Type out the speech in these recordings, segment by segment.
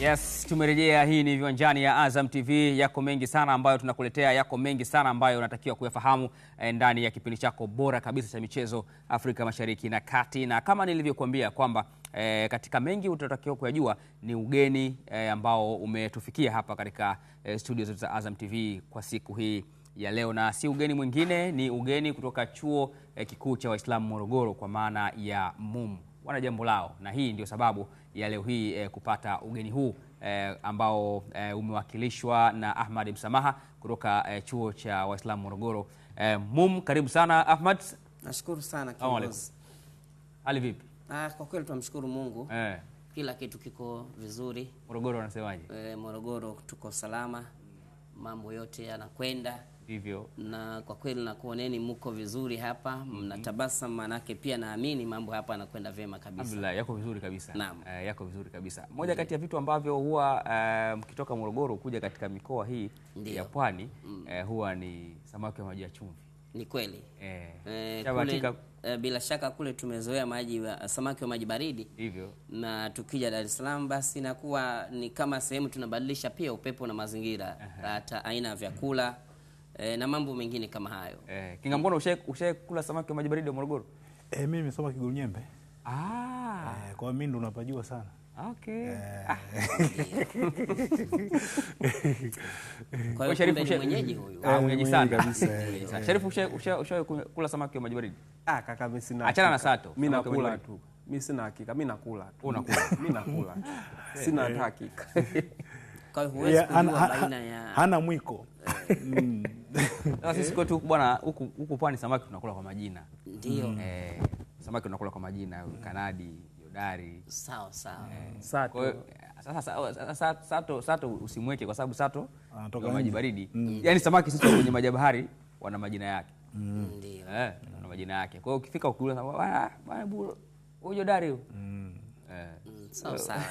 Yes, tumerejea. Hii ni Viwanjani ya Azam TV. Yako mengi sana ambayo tunakuletea, yako mengi sana ambayo unatakiwa kuyafahamu eh, ndani ya kipindi chako bora kabisa cha michezo Afrika Mashariki na Kati, na kama nilivyokuambia kwamba E, katika mengi utatakiwa kuyajua ni ugeni e, ambao umetufikia hapa katika e, studio zetu za Azam TV kwa siku hii ya leo, na si ugeni mwingine, ni ugeni kutoka chuo e, kikuu cha Waislamu Morogoro kwa maana ya MUM wana jambo lao, na hii ndio sababu ya leo hii eh, kupata ugeni huu eh, ambao eh, umewakilishwa na Ahmad Msamaha kutoka eh, chuo cha Waislamu Morogoro. Eh, MUM, karibu sana Ahmad. Nashukuru sana kiongozi. Hali vipi? Ah, kwa kweli tunamshukuru Mungu eh. Kila kitu kiko vizuri. Morogoro wanasemaje? Eh, Morogoro tuko salama, mambo yote yanakwenda Ndivyo. Na kwa kweli nakuoneni mko vizuri hapa mhm. mnatabasa manake pia naamini mambo hapa anakwenda vyema kabisa. yako vizuri kabisa. Naam. Uh, yako vizuri kabisa. Moja kati ya vitu ambavyo huwa eh, mkitoka Morogoro kuja katika mikoa hii Ndiyo. ya Pwani mm. uh, huwa ni samaki wa maji ya chumvi. Ni kweli eh, eh, kule, eh, bila shaka kule tumezoea maji wa, samaki wa maji baridi hivyo, na tukija Dar es Salaam basi inakuwa ni kama sehemu tunabadilisha pia upepo na mazingira, hata aina ya vyakula e, na mambo mengine kama hayo e. Eh, Kingambona, kula samaki wa maji baridi wa Morogoro? E, mimi nimesoma Kigulu Nyembe. Ah. E, kwa mimi ndo napajua sana. Okay. Yeah. Kwa hiyo mwenyeji huyu. Ah, mwenyeji sana. Kabisa. Sharifu ushawahi kula samaki wa maji baridi? Ah, kaka mimi sina. Achana na sato. Mimi nakula tu. Mimi sina hakika. Mimi nakula tu. Unakula. Mimi nakula. Sina hakika. Kwa hiyo huwezi kujua baina ya hana mwiko. Mm na sisi eh? kwetu bwana, huku huku pwani samaki tunakula kwa majina. Ndio. Eh, samaki tunakula kwa majina kanadi, jodari. Sawa sawa. Eh, sato. Sasa sato sato usimweke kwa sababu sato anatoka maji baridi. Mm. Yaani samaki sisi kwenye maji bahari wana majina yake. Mm. Ndio. Eh, wana majina yake. Kwa hiyo ukifika ukula bwana bwana bulo. huyo jodari huyo. Mm. Mm. Sawa sawa.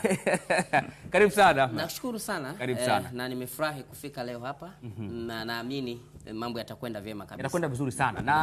Karibu sana. Nashukuru sana. Karibu eh, sana. Eh, na nimefurahi kufika leo hapa mhm. na naamini eh, mambo yatakwenda vyema kabisa. Yatakwenda vizuri sana na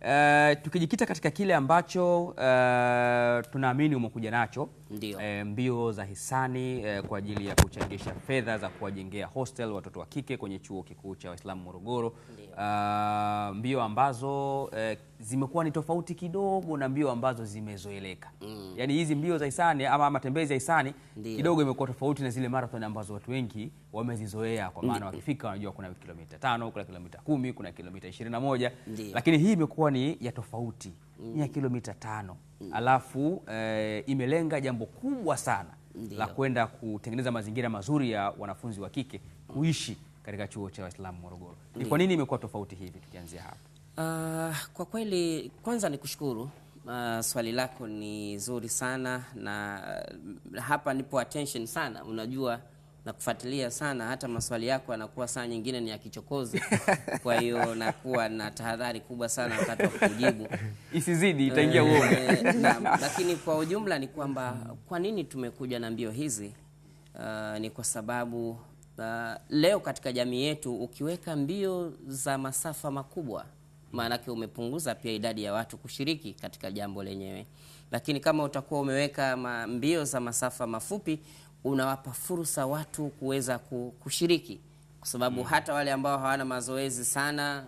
eh, tukijikita katika kile ambacho eh, tunaamini umekuja nacho Ndiyo. E, eh, mbio za hisani e, kwa ajili ya kuchangisha fedha za kuwajengea hostel watoto wa kike kwenye chuo kikuu cha Waislamu Morogoro. Uh, mbio ambazo e, zimekuwa ni tofauti kidogo na mbio ambazo zimezoeleka mm. Yaani hizi mbio za hisani ama matembezi ya hisani Ndiyo. kidogo imekuwa tofauti na zile marathon ambazo watu wengi wamezizoea, kwa maana wakifika wanajua kuna kilomita tano, kuna kilomita kumi, kuna kilomita ishirini na moja, lakini hii imekuwa ni ya tofauti mm. ya kilomita tano mm. alafu e, imelenga jambo kubwa sana Ndiyo. la kwenda kutengeneza mazingira mazuri ya wanafunzi wa kike kuishi katika chuo cha Waislamu Morogoro. Ni kwa nini imekuwa tofauti hivi? Tukianzia hapa. Uh, kwa kweli kwanza ni kushukuru Uh, swali lako ni zuri sana na uh, hapa nipo attention sana. Unajua na kufuatilia sana, hata maswali yako yanakuwa saa nyingine ni ya kichokozi. Kwa hiyo nakuwa na tahadhari kubwa sana wakati wa kujibu, isizidi itaingia eh, uongo. Lakini kwa ujumla ni kwamba kwa nini tumekuja na mbio hizi? Uh, ni kwa sababu uh, leo katika jamii yetu ukiweka mbio za masafa makubwa, maanake umepunguza pia idadi ya watu kushiriki katika jambo lenyewe, lakini kama utakuwa umeweka mbio za masafa mafupi unawapa fursa watu kuweza kushiriki, kwa sababu mm. hata wale ambao hawana mazoezi sana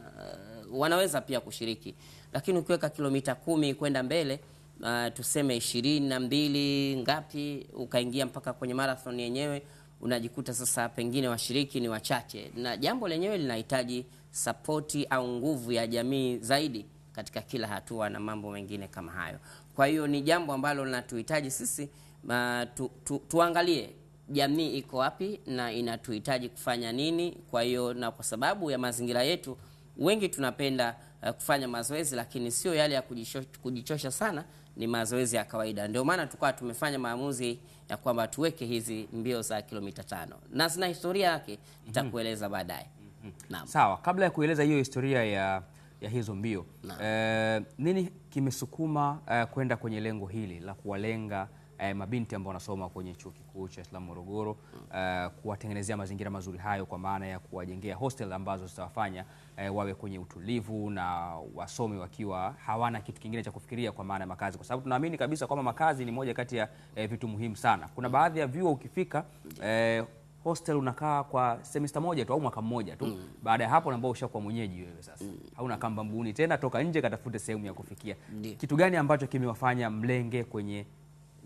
uh, wanaweza pia kushiriki, lakini ukiweka kilomita kumi kwenda mbele uh, tuseme ishirini na mbili ngapi, ukaingia mpaka kwenye marathon yenyewe, unajikuta sasa pengine washiriki ni wachache, na jambo lenyewe linahitaji sapoti au nguvu ya jamii zaidi katika kila hatua na mambo mengine kama hayo. Kwa hiyo ni jambo ambalo linatuhitaji sisi Ma, tu, tu, tuangalie jamii iko wapi na inatuhitaji kufanya nini. Kwa hiyo na kwa sababu ya mazingira yetu, wengi tunapenda uh, kufanya mazoezi, lakini sio yale ya kujichosha, kujichosha sana, ni mazoezi ya kawaida. Ndio maana tukawa tumefanya maamuzi ya kwamba tuweke hizi mbio za kilomita tano na zina historia yake, nitakueleza baadaye. mm -hmm. Sawa, kabla ya kueleza hiyo historia ya ya hizo mbio eh, nini kimesukuma eh, kwenda kwenye lengo hili la kuwalenga eh, mabinti ambao wanasoma kwenye chuo kikuu cha Islam Morogoro mm. uh, kuwatengenezea mazingira mazuri hayo, kwa maana ya kuwajengea hostel ambazo zitawafanya eh, wawe kwenye utulivu na wasome wakiwa hawana kitu kingine cha kufikiria, kwa maana ya makazi, kwa sababu tunaamini kabisa kwamba makazi ni moja kati ya eh, vitu muhimu sana. Kuna baadhi ya vyuo ukifika eh, hostel unakaa kwa semester moja tu au mwaka mmoja tu mm. Baada ya hapo ambao ushakuwa mwenyeji wewe sasa mm. Hauna kamba mbuni tena, toka nje katafute sehemu ya kufikia mm. Kitu gani ambacho kimewafanya mlenge kwenye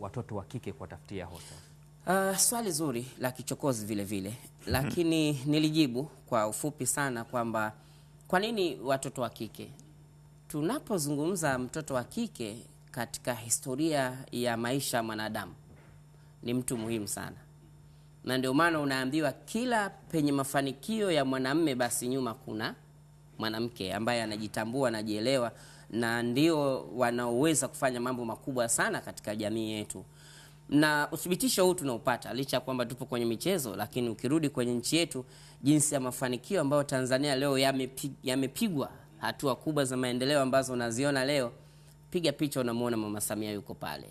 watoto wa kike kuwatafutia hosa? Uh, swali zuri la kichokozi vile vile, mhm. lakini nilijibu kwa ufupi sana kwamba kwa nini watoto wa kike. Tunapozungumza mtoto wa kike katika historia ya maisha ya mwanadamu ni mtu muhimu sana, na ndio maana unaambiwa kila penye mafanikio ya mwanamme basi nyuma kuna mwanamke ambaye anajitambua, anajielewa na ndio wanaoweza kufanya mambo makubwa sana katika jamii yetu, na uthibitisho huu tunaupata licha ya kwamba tupo kwenye michezo, lakini ukirudi kwenye nchi yetu, jinsi ya mafanikio ambayo Tanzania leo yamepigwa, yame hatua kubwa za maendeleo ambazo unaziona leo, piga picha, unamuona Mama Samia yuko pale.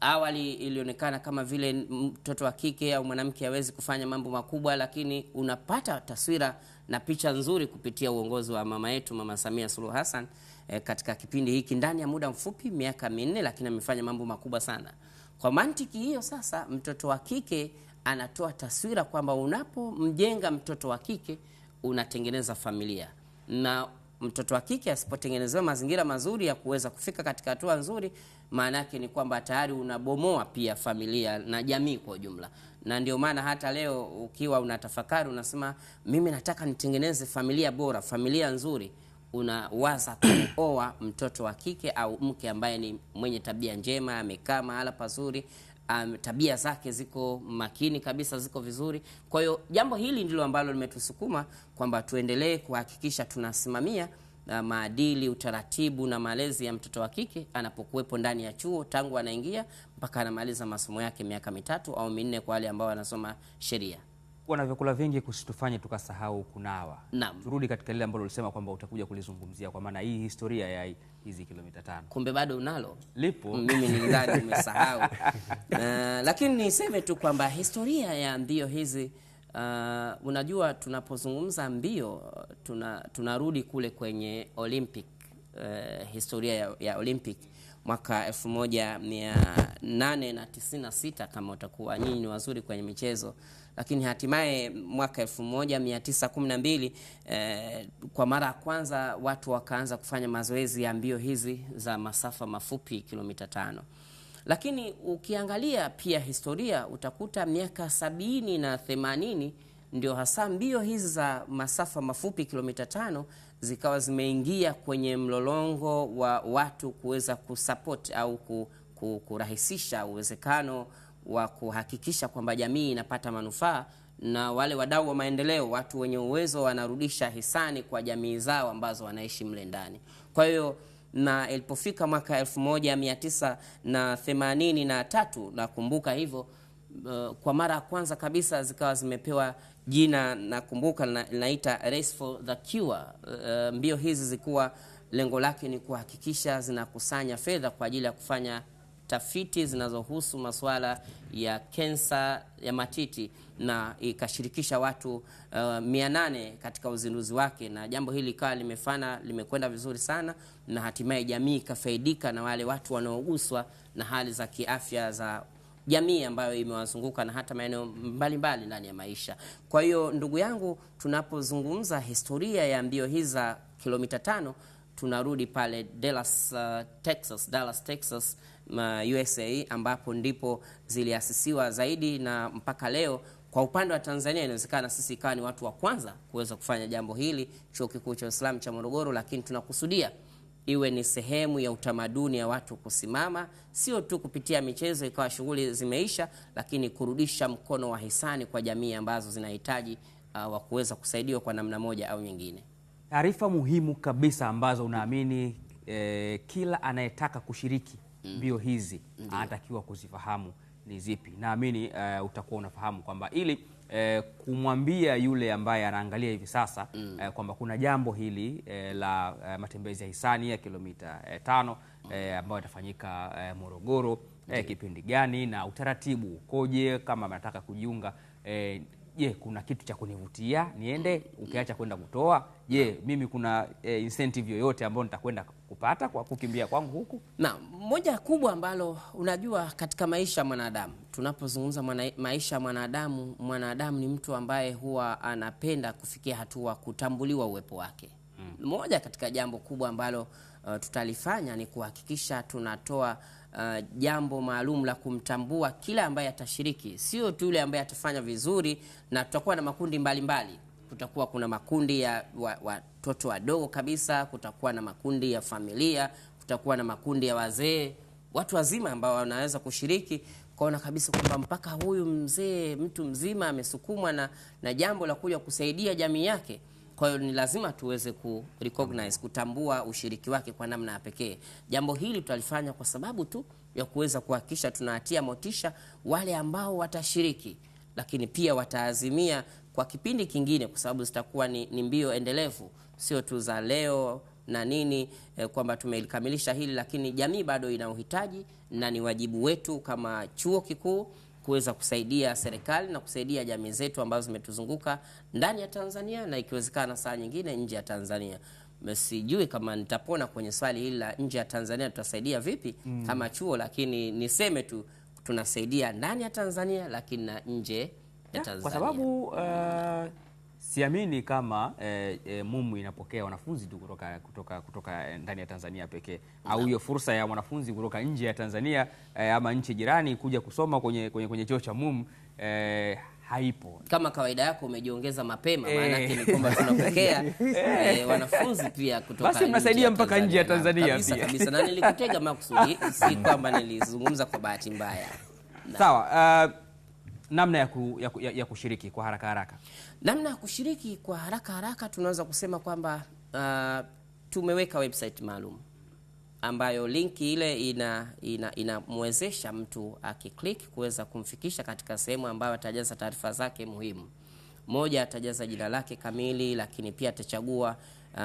Awali ilionekana kama vile mtoto wa kike au mwanamke hawezi kufanya mambo makubwa, lakini unapata taswira na picha nzuri kupitia uongozi wa mama yetu Mama Samia Suluhu Hassan e, katika kipindi hiki ndani ya muda mfupi miaka minne, lakini amefanya mambo makubwa sana. Kwa mantiki hiyo sasa, mtoto wa kike anatoa taswira kwamba unapomjenga mtoto wa kike unatengeneza familia, na mtoto wa kike asipotengenezewa mazingira mazuri ya kuweza kufika katika hatua nzuri, maana yake ni kwamba tayari unabomoa pia familia na jamii kwa ujumla. Na ndio maana hata leo ukiwa unatafakari unasema, mimi nataka nitengeneze familia bora, familia nzuri unawaza kuoa mtoto wa kike au mke ambaye ni mwenye tabia njema, amekaa mahala pazuri, um, tabia zake ziko makini kabisa, ziko vizuri. Kwa hiyo jambo hili ndilo ambalo limetusukuma kwamba tuendelee kuhakikisha tunasimamia na ah, maadili, utaratibu na malezi ya mtoto wa kike anapokuwepo ndani ya chuo tangu anaingia mpaka anamaliza masomo yake miaka mitatu au minne kwa wale ambao wanasoma sheria kuwa na vyakula vingi kusitufanye tukasahau kunawa. Naam. Turudi katika lile ambalo ulisema kwamba utakuja kulizungumzia kwa maana hii historia ya hizi kilomita tano. Kumbe bado unalo? Lipo. Mimi nilidhani nimesahau. Uh, eh, lakini niseme tu kwamba historia ya mbio hizi uh, unajua tunapozungumza mbio tuna, tunarudi kule kwenye Olympic uh, historia ya, ya Olympic mwaka 1896 kama utakuwa nyinyi ni wazuri kwenye michezo, lakini hatimaye mwaka 1912 eh, kwa mara ya kwanza watu wakaanza kufanya mazoezi ya mbio hizi za masafa mafupi kilomita tano. Lakini ukiangalia pia historia utakuta miaka sabini na themanini ndio hasa mbio hizi za masafa mafupi kilomita tano zikawa zimeingia kwenye mlolongo wa watu kuweza kusupport au kurahisisha uwezekano wa kuhakikisha kwamba jamii inapata manufaa na wale wadau wa maendeleo, watu wenye uwezo wanarudisha hisani kwa jamii zao ambazo wanaishi mle ndani. Kwa hiyo na ilipofika mwaka 1983 na nakumbuka hivyo Uh, kwa mara ya kwanza kabisa zikawa zimepewa jina nakumbuka linaita Race for the Cure. Uh, mbio hizi zikuwa lengo lake ni kuhakikisha zinakusanya fedha kwa ajili ya kufanya tafiti zinazohusu masuala ya kensa ya matiti na ikashirikisha watu uh, mia nane katika uzinduzi wake, na jambo hili likawa limefana limekwenda vizuri sana, na hatimaye jamii ikafaidika na wale watu wanaoguswa na hali za kiafya za jamii ambayo imewazunguka na hata maeneo mbalimbali ndani ya maisha. Kwa hiyo ndugu yangu, tunapozungumza historia ya mbio hizi za kilomita tano tunarudi pale Dallas, uh, Texas, Dallas, Texas uh, USA ambapo ndipo ziliasisiwa zaidi na mpaka leo. Kwa upande wa Tanzania inawezekana sisi ikawa ni watu wa kwanza kuweza kufanya jambo hili, chuo kikuu cha Uislamu cha Morogoro, lakini tunakusudia iwe ni sehemu ya utamaduni ya watu kusimama, sio tu kupitia michezo ikawa shughuli zimeisha, lakini kurudisha mkono wa hisani kwa jamii ambazo zinahitaji uh, wa kuweza kusaidiwa kwa namna moja au nyingine. Taarifa muhimu kabisa ambazo unaamini eh, kila anayetaka kushiriki mm. mbio mm. hizi anatakiwa kuzifahamu ni zipi? Naamini uh, utakuwa unafahamu kwamba ili eh, kumwambia yule ambaye anaangalia hivi sasa mm. eh, kwamba kuna jambo hili eh, la eh, matembezi ya hisani ya kilomita eh, tano eh, ambayo itafanyika eh, Morogoro eh, kipindi gani na utaratibu ukoje kama anataka kujiunga eh, je, kuna kitu cha kunivutia niende, mm. ukiacha kwenda kutoa? Je, mimi kuna e, incentive yoyote ambayo nitakwenda kupata kwa kukimbia kwangu huku? Na moja kubwa ambalo unajua, katika maisha ya mwanadamu tunapozungumza maisha ya mwanadamu, mwanadamu ni mtu ambaye huwa anapenda kufikia hatua kutambuliwa uwepo wake. Hmm. Moja katika jambo kubwa ambalo uh, tutalifanya ni kuhakikisha tunatoa uh, jambo maalum la kumtambua kila ambaye atashiriki, sio tu yule ambaye atafanya vizuri, na tutakuwa na makundi mbalimbali mbali. Kutakuwa kuna makundi ya watoto wa, wadogo kabisa, kutakuwa na makundi ya familia, kutakuwa na makundi ya wazee, watu wazima ambao wanaweza kushiriki kaona kabisa kwamba mpaka huyu mzee, mtu mzima amesukumwa na, na jambo la kuja kusaidia jamii yake. Kwa hiyo ni lazima tuweze ku recognize kutambua ushiriki wake kwa namna ya pekee. Jambo hili tutalifanya kwa sababu tu ya kuweza kuhakikisha tunawatia motisha wale ambao watashiriki, lakini pia wataazimia kwa kipindi kingine, kwa sababu zitakuwa ni, ni mbio endelevu, sio tu za leo na nini eh, kwamba tumelikamilisha hili, lakini jamii bado ina uhitaji na ni wajibu wetu kama chuo kikuu kuweza kusaidia serikali na kusaidia jamii zetu ambazo zimetuzunguka ndani ya Tanzania na ikiwezekana saa nyingine nje ya Tanzania. Sijui kama nitapona kwenye swali hili la nje ya Tanzania tutasaidia vipi mm. kama chuo, lakini niseme tu tunasaidia ndani ya Tanzania lakini na nje ya Tanzania kwa sababu uh siamini kama e, eh, e, eh, MUM inapokea wanafunzi tu kutoka, kutoka, kutoka eh, ndani ya Tanzania pekee au hiyo fursa ya mwanafunzi kutoka nje ya Tanzania e, ama nchi jirani kuja kusoma kwenye, kwenye, kwenye chuo cha MUM e, haipo. Kama kawaida yako umejiongeza mapema e. Maanake ni kwamba tunapokea e, wanafunzi pia kutoka basi, mnasaidia mpaka nje ya Tanzania kabisa, kabisa. na nilikutega makusudi, si kwamba nilizungumza kwa bahati mbaya. Sawa namna ya, ku, ya, ya, ya kushiriki kwa haraka haraka. Namna ya kushiriki kwa haraka haraka, tunaweza kusema kwamba uh, tumeweka website maalum ambayo linki ile inamwezesha ina, ina mtu akiklik kuweza kumfikisha katika sehemu ambayo atajaza taarifa zake muhimu. Moja, atajaza jina lake kamili, lakini pia atachagua uh,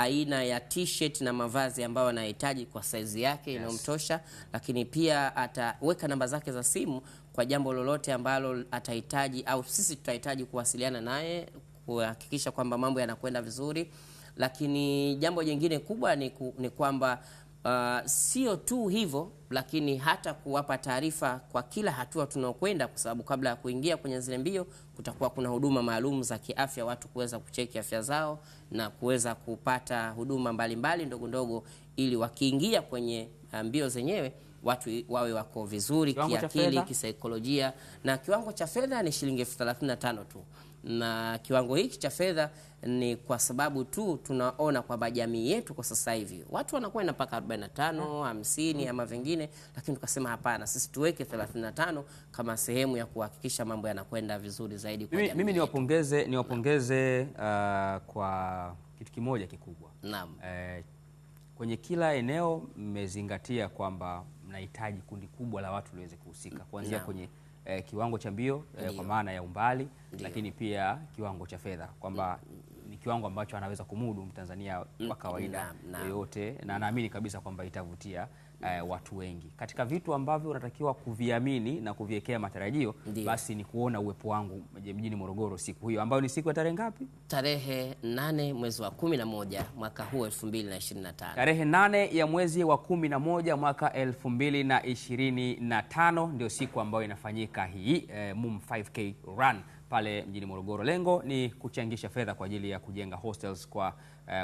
aina ya t-shirt na mavazi ambayo anahitaji kwa saizi yake yes, inayomtosha, lakini pia ataweka namba zake za simu kwa jambo lolote ambalo atahitaji au sisi tutahitaji kuwasiliana naye kuhakikisha kwamba mambo yanakwenda vizuri. Lakini jambo jingine kubwa ni, ku, ni kwamba uh, sio tu hivyo, lakini hata kuwapa taarifa kwa kila hatua tunaokwenda, kwa sababu kabla ya kuingia kwenye zile mbio kutakuwa kuna huduma maalum za kiafya, watu kuweza kucheki afya zao na kuweza kupata huduma mbalimbali ndogo ndogo, ili wakiingia kwenye uh, mbio zenyewe watu wawe wako vizuri kiakili, kisaikolojia, na kiwango cha fedha ni shilingi elfu thelathini na tano tu na kiwango hiki cha fedha ni kwa sababu tu tunaona kwamba jamii yetu kwa sasa hivi watu wanakwenda mpaka 45 mm. hamsini mm. ama vingine, lakini tukasema hapana, sisi tuweke 35 kama sehemu ya kuhakikisha mambo yanakwenda vizuri zaidi kwa jamii. Mimi niwapongeze niwapongeze uh, kwa kitu kimoja kikubwa. Naam. Eh, kwenye kila eneo mmezingatia kwamba mnahitaji kundi kubwa la watu liweze kuhusika kuanzia kwenye eh, kiwango cha mbio eh, kwa maana ya umbali Ndiyo. lakini pia kiwango cha fedha kwamba kiwango ambacho anaweza kumudu Mtanzania wa kawaida yoyote, na naamini kabisa kwamba itavutia Uh, watu wengi katika vitu ambavyo unatakiwa kuviamini na kuviwekea matarajio Ndiyo. Basi ni kuona uwepo wangu mjini Morogoro siku hiyo ambayo ni siku ya tarehe ngapi? Tarehe nane mwezi wa kumi na moja mwaka huu 2025. Tarehe nane ya mwezi wa kumi na moja mwaka 2025 ndio siku ambayo inafanyika hii eh, MUM 5K run pale mjini Morogoro. Lengo ni kuchangisha fedha kwa ajili ya kujenga hostels kwa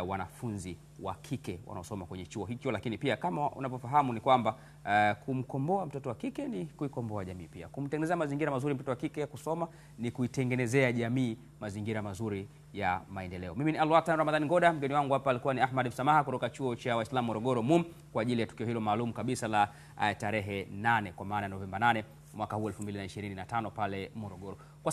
uh, wanafunzi wa kike wanaosoma kwenye chuo hicho, lakini pia kama unavyofahamu ni kwamba uh, kumkomboa mtoto wa kike ni kuikomboa jamii pia. Kumtengenezea mazingira mazuri mtoto wa kike ya kusoma ni kuitengenezea jamii mazingira mazuri ya maendeleo. Mimi ni Alwatan Ramadhani Ngoda, mgeni wangu hapa alikuwa ni Ahmad Msamaha kutoka chuo cha Waislamu Morogoro MUM kwa ajili ya tukio hilo maalum kabisa la uh, tarehe 8 kwa maana Novemba 8 mwaka huu 2025 pale Morogoro. Kwa